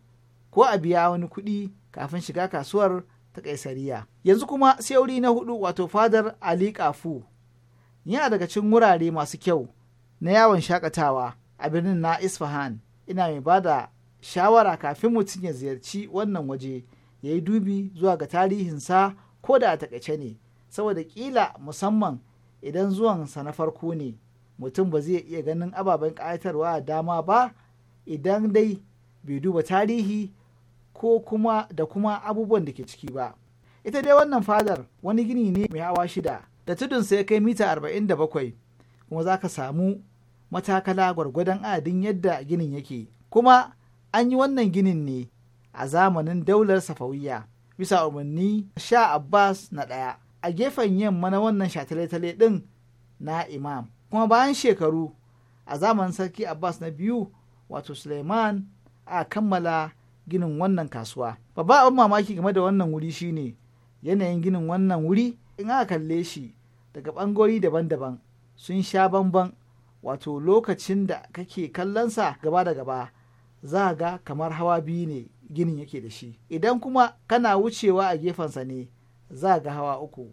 ko a biya wani kuɗi kafin shiga kasuwar ta ƙaisariya. Yanzu kuma sai na hudu wato fadar Ali Kafu yana daga cikin wurare masu kyau na yawon shakatawa a birnin na Isfahan. Ina mai ba da shawara kafin mutum ya ziyarci wannan waje ya yi dubi zuwa ga tarihinsa ko da a takaice ne saboda ƙila musamman idan zuwansa na farko ne mutum ba zai iya ganin ababen ƙayatarwa dama ba idan dai bai duba tarihi ko kuma da kuma abubuwan da ke ciki ba ita dai wannan fadar wani gini ne mai hawa shida da tudun sai kai mita arba'in da bakwai kuma za ka samu matakala gwargwadon adin yadda ginin yake kuma an yi wannan ginin ne a zamanin daular safawiya bisa umarni sha abbas na ɗaya a gefen yamma na wannan tale-tale ɗin na imam kuma bayan shekaru a zamanin sarki abbas na biyu wato suleiman a kammala ginin wannan kasuwa babba abin mamaki game da wannan wuri shine yanayin ginin wannan wuri in aka kalle shi daga bangori daban-daban sun sha bamban wato lokacin da kake kallonsa gaba da gaba za ga kamar hawa biyu ne ginin yake da shi idan kuma kana wucewa a gefensa ne za ga hawa uku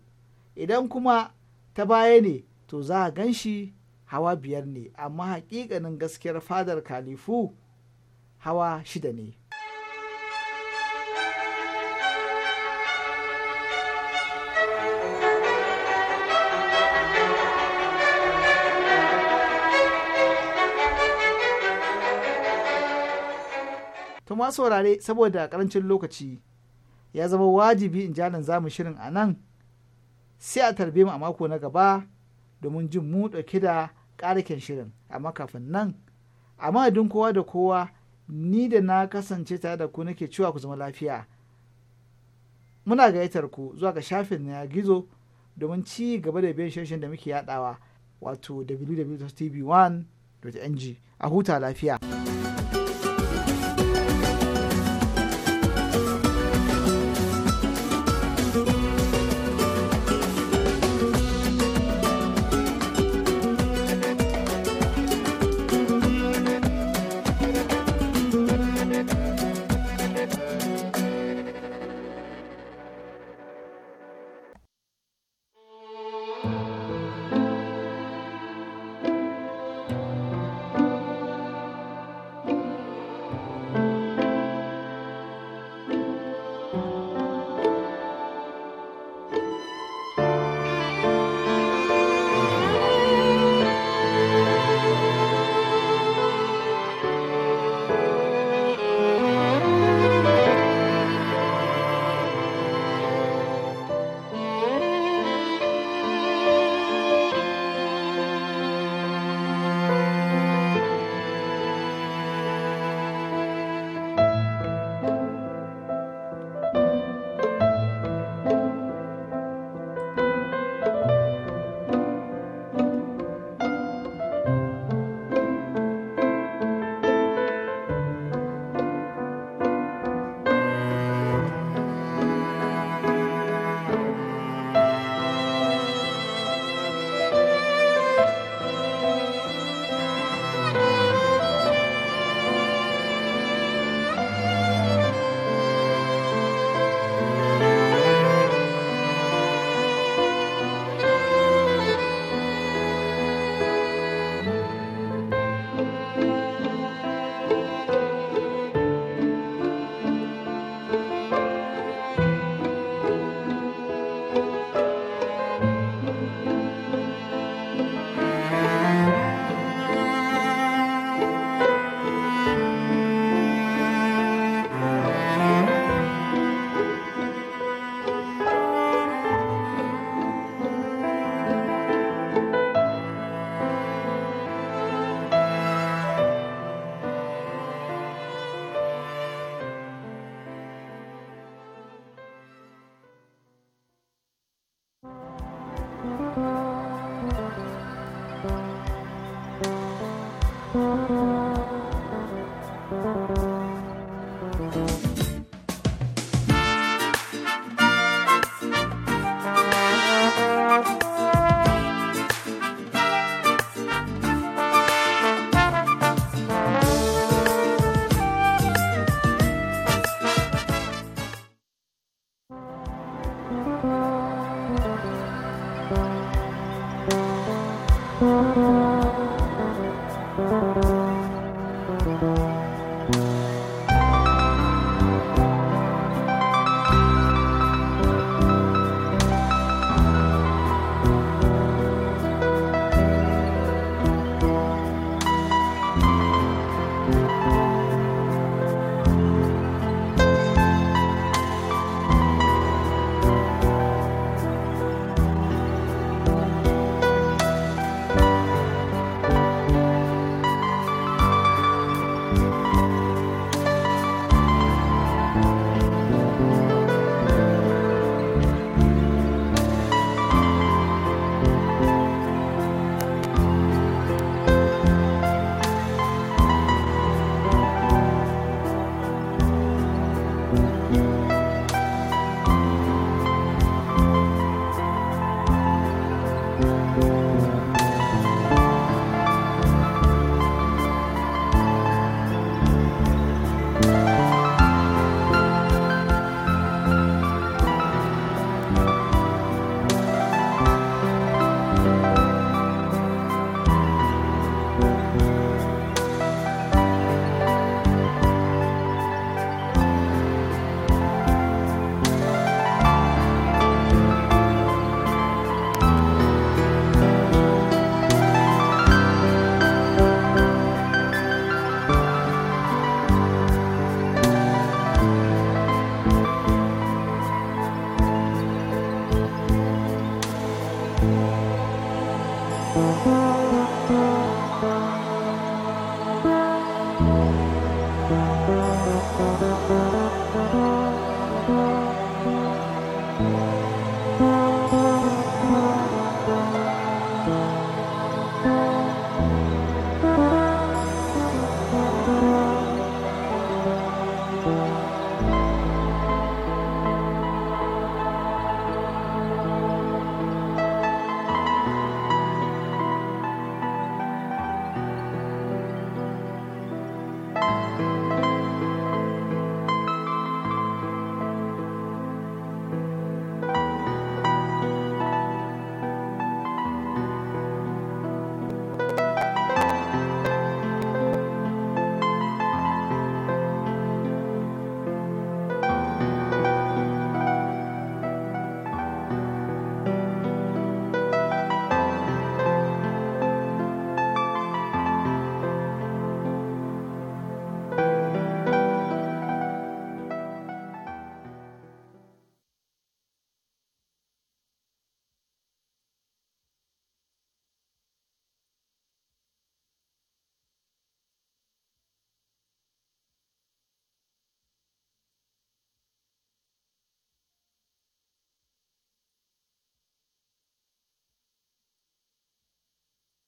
idan kuma ta baya ne to za a gan shi hawa biyar ne amma hakikanin gaskiyar fadar kalifu hawa shida ne ma saurare saboda karancin lokaci ya zama wajibi in jalin zamu shirin a nan sai a tarbe mu a mako na gaba domin jin mu dauke da ƙarikin shirin amma kafin nan a madadin kowa da kowa ni da na kasance tare da ku nake cewa ku zama lafiya muna gayyatar ku zuwa ga shafin na gizo domin ci gaba da biyan shirin da muke yadawa wato www.tv1.ng a huta lafiya.